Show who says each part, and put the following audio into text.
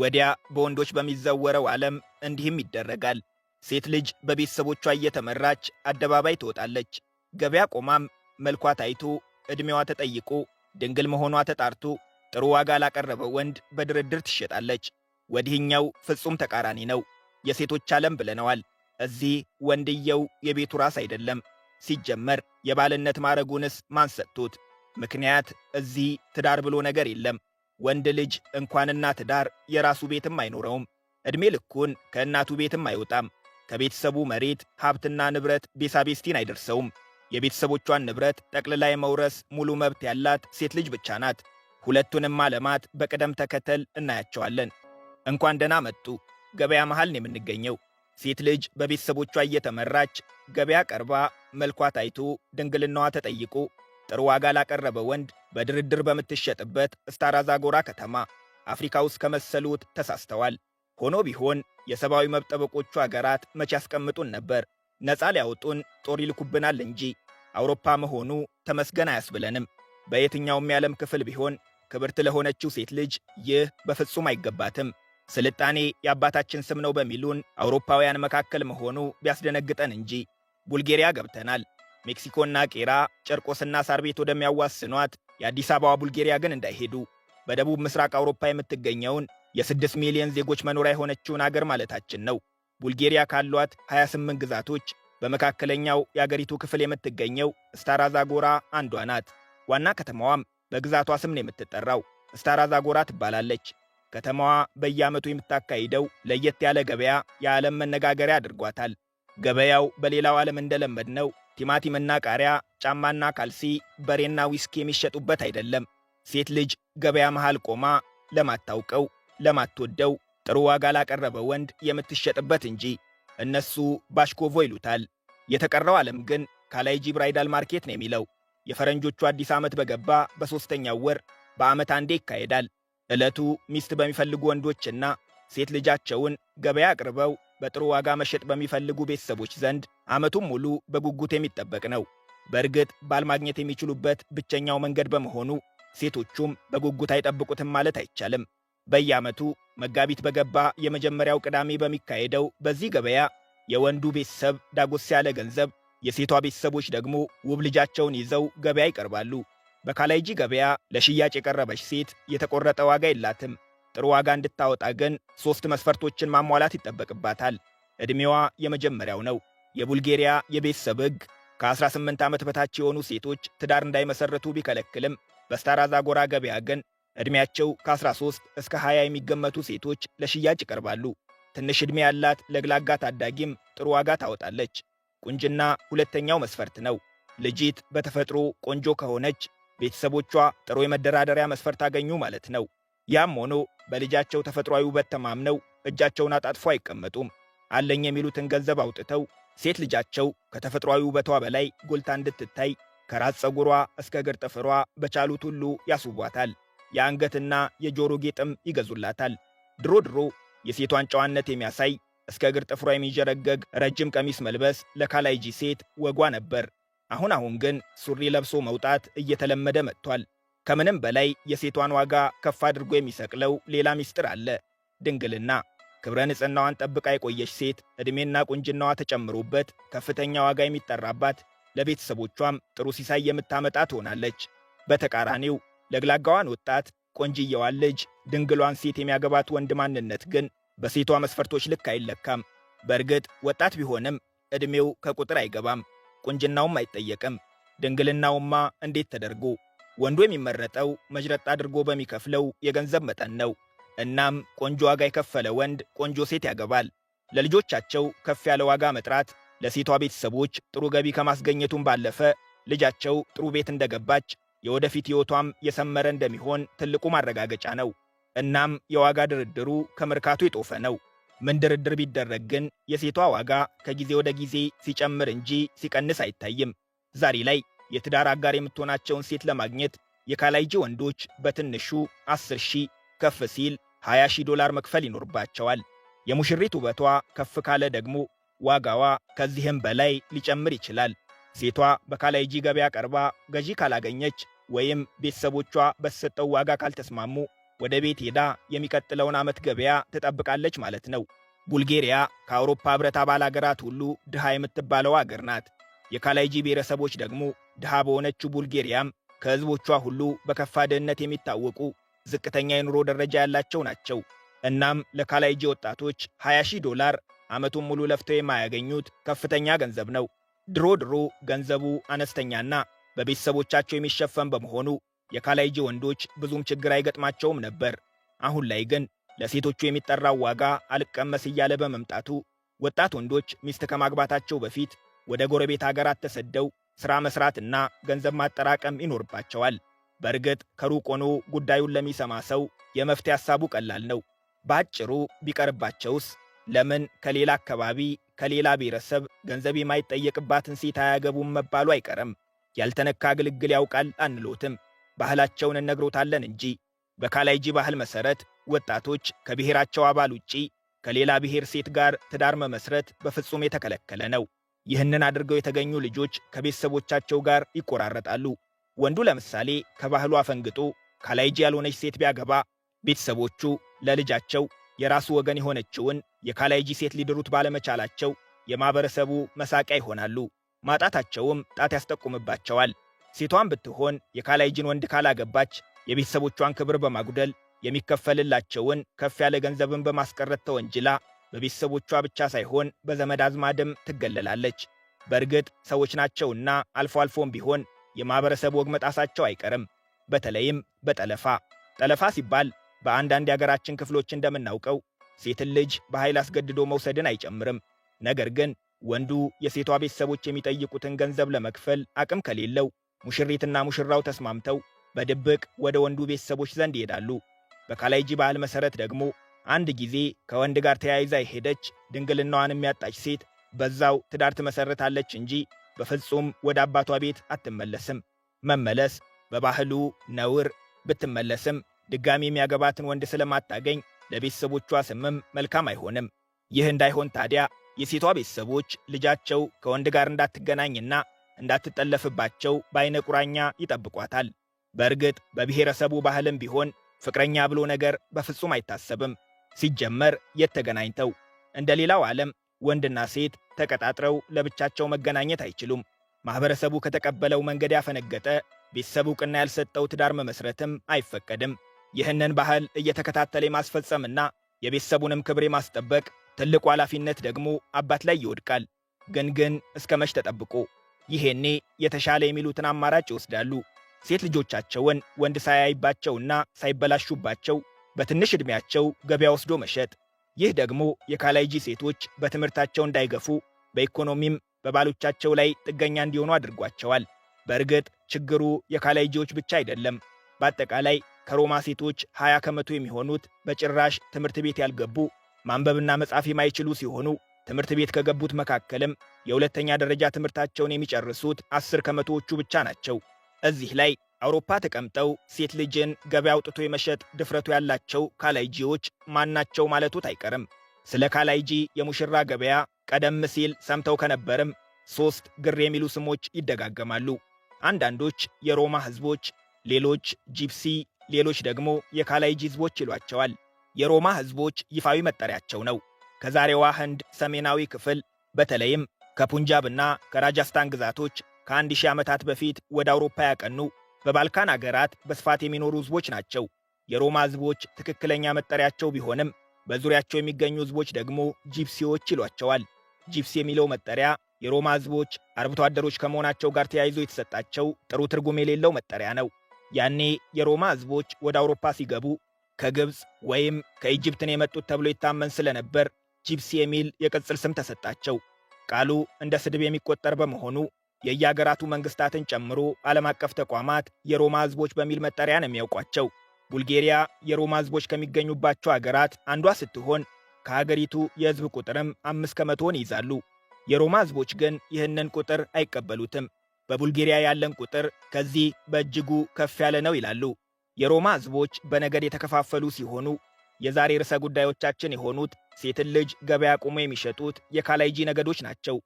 Speaker 1: ወዲያ በወንዶች በሚዘወረው ዓለም እንዲህም ይደረጋል። ሴት ልጅ በቤተሰቦቿ እየተመራች አደባባይ ትወጣለች። ገበያ ቆማም መልኳ ታይቶ ዕድሜዋ ተጠይቆ ድንግል መሆኗ ተጣርቶ ጥሩ ዋጋ ላቀረበ ወንድ በድርድር ትሸጣለች። ወዲህኛው ፍጹም ተቃራኒ ነው፣ የሴቶች ዓለም ብለነዋል። እዚህ ወንድየው የቤቱ ራስ አይደለም። ሲጀመር የባልነት ማዕረጉንስ ማን ሰጥቶት? ምክንያት እዚህ ትዳር ብሎ ነገር የለም። ወንድ ልጅ እንኳን እናት ዳር የራሱ ቤትም አይኖረውም። ዕድሜ ልኩን ከእናቱ ቤትም አይወጣም። ከቤተሰቡ መሬት፣ ሀብትና ንብረት ቤሳቤስቲን አይደርሰውም። የቤተሰቦቿን ንብረት ጠቅልላ የመውረስ ሙሉ መብት ያላት ሴት ልጅ ብቻ ናት። ሁለቱንም ዓለማት በቅደም ተከተል እናያቸዋለን። እንኳን ደህና መጡ። ገበያ መሃል ነው የምንገኘው። ሴት ልጅ በቤተሰቦቿ እየተመራች ገበያ ቀርባ መልኳ ታይቶ ድንግልናዋ ተጠይቆ ጥሩ ዋጋ ላቀረበ ወንድ በድርድር በምትሸጥበት ስታራ ዛጎራ ከተማ አፍሪካ ውስጥ ከመሰሉት ተሳስተዋል። ሆኖ ቢሆን የሰብአዊ መብት ጠበቆቹ አገራት መቼ ያስቀምጡን ነበር? ነፃ ሊያወጡን ጦር ይልኩብናል እንጂ አውሮፓ መሆኑ ተመስገን አያስብለንም። በየትኛውም የዓለም ክፍል ቢሆን ክብርት ለሆነችው ሴት ልጅ ይህ በፍጹም አይገባትም። ስልጣኔ የአባታችን ስም ነው በሚሉን አውሮፓውያን መካከል መሆኑ ቢያስደነግጠን እንጂ ቡልጌሪያ ገብተናል። ሜክሲኮና ቄራ ጨርቆስና ሳር ቤት ወደሚያዋስኗት የአዲስ አበባ ቡልጌሪያ ግን እንዳይሄዱ በደቡብ ምስራቅ አውሮፓ የምትገኘውን የስድስት ሚሊዮን ዜጎች መኖሪያ የሆነችውን አገር ማለታችን ነው። ቡልጌሪያ ካሏት 28 ግዛቶች በመካከለኛው የአገሪቱ ክፍል የምትገኘው ስታራ ዛጎራ አንዷ ናት። ዋና ከተማዋም በግዛቷ ስም ነው የምትጠራው፣ ስታራ ዛጎራ ትባላለች። ከተማዋ በየዓመቱ የምታካሂደው ለየት ያለ ገበያ የዓለም መነጋገሪያ አድርጓታል። ገበያው በሌላው ዓለም እንደለመድ ነው ቲማቲምና ቃሪያ፣ ጫማና ካልሲ፣ በሬና ዊስኪ የሚሸጡበት አይደለም። ሴት ልጅ ገበያ መሃል ቆማ ለማታውቀው፣ ለማትወደው፣ ጥሩ ዋጋ ላቀረበ ወንድ የምትሸጥበት እንጂ። እነሱ ባሽኮቮ ይሉታል። የተቀረው ዓለም ግን ካላይጂ ብራይዳል ማርኬት ነው የሚለው። የፈረንጆቹ አዲስ ዓመት በገባ በሦስተኛው ወር በዓመት አንዴ ይካሄዳል። ዕለቱ ሚስት በሚፈልጉ ወንዶችና ሴት ልጃቸውን ገበያ አቅርበው በጥሩ ዋጋ መሸጥ በሚፈልጉ ቤተሰቦች ዘንድ ዓመቱን ሙሉ በጉጉት የሚጠበቅ ነው። በእርግጥ ባል ማግኘት የሚችሉበት ብቸኛው መንገድ በመሆኑ ሴቶቹም በጉጉት አይጠብቁትም ማለት አይቻልም። በየዓመቱ መጋቢት በገባ የመጀመሪያው ቅዳሜ በሚካሄደው በዚህ ገበያ የወንዱ ቤተሰብ ዳጎስ ያለ ገንዘብ፣ የሴቷ ቤተሰቦች ደግሞ ውብ ልጃቸውን ይዘው ገበያ ይቀርባሉ። በካላይጂ ገበያ ለሽያጭ የቀረበች ሴት የተቆረጠ ዋጋ የላትም። ጥሩ ዋጋ እንድታወጣ ግን ሦስት መስፈርቶችን ማሟላት ይጠበቅባታል። ዕድሜዋ የመጀመሪያው ነው። የቡልጌሪያ የቤተሰብ ሕግ ከ18 ዓመት በታች የሆኑ ሴቶች ትዳር እንዳይመሠረቱ ቢከለክልም በስታራ ዛጎራ ገበያ ግን ዕድሜያቸው ከ13 እስከ 20 የሚገመቱ ሴቶች ለሽያጭ ይቀርባሉ። ትንሽ ዕድሜ ያላት ለግላጋ ታዳጊም ጥሩ ዋጋ ታወጣለች። ቁንጅና ሁለተኛው መስፈርት ነው። ልጅት በተፈጥሮ ቆንጆ ከሆነች ቤተሰቦቿ ጥሩ የመደራደሪያ መስፈርት አገኙ ማለት ነው። ያም ሆኖ በልጃቸው ተፈጥሯዊ ውበት ተማምነው እጃቸውን አጣጥፎ አይቀመጡም። አለኝ የሚሉትን ገንዘብ አውጥተው ሴት ልጃቸው ከተፈጥሯዊ ውበቷ በላይ ጎልታ እንድትታይ ከራስ ፀጉሯ እስከ እግር ጥፍሯ በቻሉት ሁሉ ያስዋታል። የአንገትና የጆሮ ጌጥም ይገዙላታል። ድሮ ድሮ የሴቷን ጨዋነት የሚያሳይ እስከ እግር ጥፍሯ የሚንዠረገግ ረጅም ቀሚስ መልበስ ለካላይጂ ሴት ወጓ ነበር። አሁን አሁን ግን ሱሪ ለብሶ መውጣት እየተለመደ መጥቷል። ከምንም በላይ የሴቷን ዋጋ ከፍ አድርጎ የሚሰቅለው ሌላ ምስጢር አለ። ድንግልና። ክብረ ንጽሕናዋን ጠብቃ የቆየች ሴት ዕድሜና ቁንጅናዋ ተጨምሮበት ከፍተኛ ዋጋ የሚጠራባት፣ ለቤተሰቦቿም ጥሩ ሲሳይ የምታመጣ ትሆናለች። በተቃራኒው ለግላጋዋን ወጣት ቆንጅየዋን ልጅ ድንግሏን ሴት የሚያገባት ወንድ ማንነት ግን በሴቷ መስፈርቶች ልክ አይለካም። በእርግጥ ወጣት ቢሆንም ዕድሜው ከቁጥር አይገባም፣ ቁንጅናውም አይጠየቅም። ድንግልናውማ እንዴት ተደርጎ ወንዱ የሚመረጠው መጅረጥ አድርጎ በሚከፍለው የገንዘብ መጠን ነው። እናም ቆንጆ ዋጋ የከፈለ ወንድ ቆንጆ ሴት ያገባል። ለልጆቻቸው ከፍ ያለ ዋጋ መጥራት ለሴቷ ቤተሰቦች ጥሩ ገቢ ከማስገኘቱም ባለፈ ልጃቸው ጥሩ ቤት እንደገባች የወደፊት ሕይወቷም የሰመረ እንደሚሆን ትልቁ ማረጋገጫ ነው። እናም የዋጋ ድርድሩ ከመርካቱ የጦፈ ነው። ምን ድርድር ቢደረግ ግን የሴቷ ዋጋ ከጊዜ ወደ ጊዜ ሲጨምር እንጂ ሲቀንስ አይታይም። ዛሬ ላይ የትዳር አጋር የምትሆናቸውን ሴት ለማግኘት የካላይጂ ወንዶች በትንሹ 10 ሺህ ከፍ ሲል 20 ሺህ ዶላር መክፈል ይኖርባቸዋል። የሙሽሪት ውበቷ ከፍ ካለ ደግሞ ዋጋዋ ከዚህም በላይ ሊጨምር ይችላል። ሴቷ በካላይጂ ገበያ ቀርባ ገዢ ካላገኘች ወይም ቤተሰቦቿ በተሰጠው ዋጋ ካልተስማሙ ወደ ቤት ሄዳ የሚቀጥለውን ዓመት ገበያ ትጠብቃለች ማለት ነው። ቡልጌሪያ ከአውሮፓ ኅብረት አባል አገራት ሁሉ ድሃ የምትባለው አገር ናት። የካላይጂ ብሔረሰቦች ደግሞ ድሃ በሆነችው ቡልጌሪያም ከሕዝቦቿ ሁሉ በከፋ ድህነት የሚታወቁ ዝቅተኛ የኑሮ ደረጃ ያላቸው ናቸው። እናም ለካላይጂ ወጣቶች 20 ሺህ ዶላር ዓመቱን ሙሉ ለፍተው የማያገኙት ከፍተኛ ገንዘብ ነው። ድሮ ድሮ ገንዘቡ አነስተኛና በቤተሰቦቻቸው የሚሸፈን በመሆኑ የካላይጂ ወንዶች ብዙም ችግር አይገጥማቸውም ነበር። አሁን ላይ ግን ለሴቶቹ የሚጠራው ዋጋ አልቀመስ እያለ በመምጣቱ ወጣት ወንዶች ሚስት ከማግባታቸው በፊት ወደ ጎረቤት አገራት ተሰደው ሥራ መሥራትና ገንዘብ ማጠራቀም ይኖርባቸዋል። በእርግጥ ከሩቅ ሆኖ ጉዳዩን ለሚሰማ ሰው የመፍትሄ ሐሳቡ ቀላል ነው። በአጭሩ ቢቀርባቸውስ ለምን ከሌላ አካባቢ ከሌላ ብሔረሰብ ገንዘብ የማይጠየቅባትን ሴት አያገቡም መባሉ አይቀርም። ያልተነካ ግልግል ያውቃል አንሎትም፣ ባህላቸውን እነግሮታለን እንጂ። በካላይጂ ባህል መሠረት ወጣቶች ከብሔራቸው አባል ውጪ ከሌላ ብሔር ሴት ጋር ትዳር መመስረት በፍጹም የተከለከለ ነው። ይህንን አድርገው የተገኙ ልጆች ከቤተሰቦቻቸው ጋር ይቆራረጣሉ። ወንዱ ለምሳሌ ከባህሉ አፈንግጦ ካላይጅ ያልሆነች ሴት ቢያገባ ቤተሰቦቹ ለልጃቸው የራሱ ወገን የሆነችውን የካላይጂ ሴት ሊድሩት ባለመቻላቸው የማኅበረሰቡ መሳቂያ ይሆናሉ። ማጣታቸውም ጣት ያስጠቁምባቸዋል። ሴቷን ብትሆን የካላይጅን ወንድ ካላገባች የቤተሰቦቿን ክብር በማጉደል የሚከፈልላቸውን ከፍ ያለ ገንዘብን በማስቀረት ተወንጅላ በቤተሰቦቿ ብቻ ሳይሆን በዘመድ አዝማድም ትገለላለች። በእርግጥ ሰዎች ናቸውና አልፎ አልፎም ቢሆን የማኅበረሰብ ወግ መጣሳቸው አይቀርም። በተለይም በጠለፋ ጠለፋ ሲባል በአንዳንድ የአገራችን ክፍሎች እንደምናውቀው ሴትን ልጅ በኃይል አስገድዶ መውሰድን አይጨምርም። ነገር ግን ወንዱ የሴቷ ቤተሰቦች የሚጠይቁትን ገንዘብ ለመክፈል አቅም ከሌለው ሙሽሪትና ሙሽራው ተስማምተው በድብቅ ወደ ወንዱ ቤተሰቦች ዘንድ ይሄዳሉ። በካላይጂ ባህል መሠረት ደግሞ አንድ ጊዜ ከወንድ ጋር ተያይዛ የሄደች ድንግልናዋን የሚያጣች ሴት በዛው ትዳር ትመሠረታለች እንጂ በፍጹም ወደ አባቷ ቤት አትመለስም። መመለስ በባህሉ ነውር፣ ብትመለስም ድጋሚ የሚያገባትን ወንድ ስለማታገኝ ለቤተሰቦቿ ስምም መልካም አይሆንም። ይህ እንዳይሆን ታዲያ የሴቷ ቤተሰቦች ልጃቸው ከወንድ ጋር እንዳትገናኝና እንዳትጠለፍባቸው በዐይነ ቁራኛ ይጠብቋታል። በእርግጥ በብሔረሰቡ ባህልም ቢሆን ፍቅረኛ ብሎ ነገር በፍጹም አይታሰብም። ሲጀመር የት ተገናኝተው? እንደ ሌላው ዓለም ወንድና ሴት ተቀጣጥረው ለብቻቸው መገናኘት አይችሉም። ማኅበረሰቡ ከተቀበለው መንገድ ያፈነገጠ ቤተሰብ ዕውቅና ያልሰጠው ትዳር መመስረትም አይፈቀድም። ይህንን ባህል እየተከታተለ የማስፈጸምና የቤተሰቡንም ክብር የማስጠበቅ ትልቁ ኃላፊነት ደግሞ አባት ላይ ይወድቃል። ግን ግን እስከ መች ተጠብቆ ይሄኔ የተሻለ የሚሉትን አማራጭ ይወስዳሉ። ሴት ልጆቻቸውን ወንድ ሳያይባቸውና ሳይበላሹባቸው በትንሽ ዕድሜያቸው ገበያ ወስዶ መሸጥ። ይህ ደግሞ የካላይጂ ሴቶች በትምህርታቸው እንዳይገፉ በኢኮኖሚም በባሎቻቸው ላይ ጥገኛ እንዲሆኑ አድርጓቸዋል። በእርግጥ ችግሩ የካላይጂዎች ብቻ አይደለም። በአጠቃላይ ከሮማ ሴቶች 20 ከመቶ የሚሆኑት በጭራሽ ትምህርት ቤት ያልገቡ ማንበብና መጻፍ የማይችሉ ሲሆኑ ትምህርት ቤት ከገቡት መካከልም የሁለተኛ ደረጃ ትምህርታቸውን የሚጨርሱት 10 ከመቶዎቹ ብቻ ናቸው። እዚህ ላይ አውሮፓ ተቀምጠው ሴት ልጅን ገበያ አውጥቶ የመሸጥ ድፍረቱ ያላቸው ካላይጂዎች ማናቸው ማለቱት አይቀርም። ስለ ካላይጂ የሙሽራ ገበያ ቀደም ሲል ሰምተው ከነበርም ሦስት ግር የሚሉ ስሞች ይደጋገማሉ። አንዳንዶች የሮማ ሕዝቦች፣ ሌሎች ጂፕሲ፣ ሌሎች ደግሞ የካላይጂ ሕዝቦች ይሏቸዋል። የሮማ ሕዝቦች ይፋዊ መጠሪያቸው ነው። ከዛሬዋ ህንድ ሰሜናዊ ክፍል በተለይም ከፑንጃብና ከራጃስታን ግዛቶች ከአንድ ሺህ ዓመታት በፊት ወደ አውሮፓ ያቀኑ በባልካን አገራት በስፋት የሚኖሩ ህዝቦች ናቸው። የሮማ ህዝቦች ትክክለኛ መጠሪያቸው ቢሆንም በዙሪያቸው የሚገኙ ህዝቦች ደግሞ ጂፕሲዎች ይሏቸዋል። ጂፕሲ የሚለው መጠሪያ የሮማ ህዝቦች አርብቶ አደሮች ከመሆናቸው ጋር ተያይዞ የተሰጣቸው ጥሩ ትርጉም የሌለው መጠሪያ ነው። ያኔ የሮማ ህዝቦች ወደ አውሮፓ ሲገቡ ከግብፅ ወይም ከኢጅፕትን የመጡት ተብሎ ይታመን ስለነበር ጂፕሲ የሚል የቅጽል ስም ተሰጣቸው። ቃሉ እንደ ስድብ የሚቆጠር በመሆኑ የየአገራቱ መንግስታትን ጨምሮ ዓለም አቀፍ ተቋማት የሮማ ህዝቦች በሚል መጠሪያ ነው የሚያውቋቸው። ቡልጌሪያ የሮማ ህዝቦች ከሚገኙባቸው አገራት አንዷ ስትሆን ከሀገሪቱ የህዝብ ቁጥርም አምስት ከመቶውን ይይዛሉ። የሮማ ህዝቦች ግን ይህንን ቁጥር አይቀበሉትም። በቡልጌሪያ ያለን ቁጥር ከዚህ በእጅጉ ከፍ ያለ ነው ይላሉ። የሮማ ህዝቦች በነገድ የተከፋፈሉ ሲሆኑ የዛሬ ርዕሰ ጉዳዮቻችን የሆኑት ሴትን ልጅ ገበያ ቆሞ የሚሸጡት የካላይጂ ነገዶች ናቸው።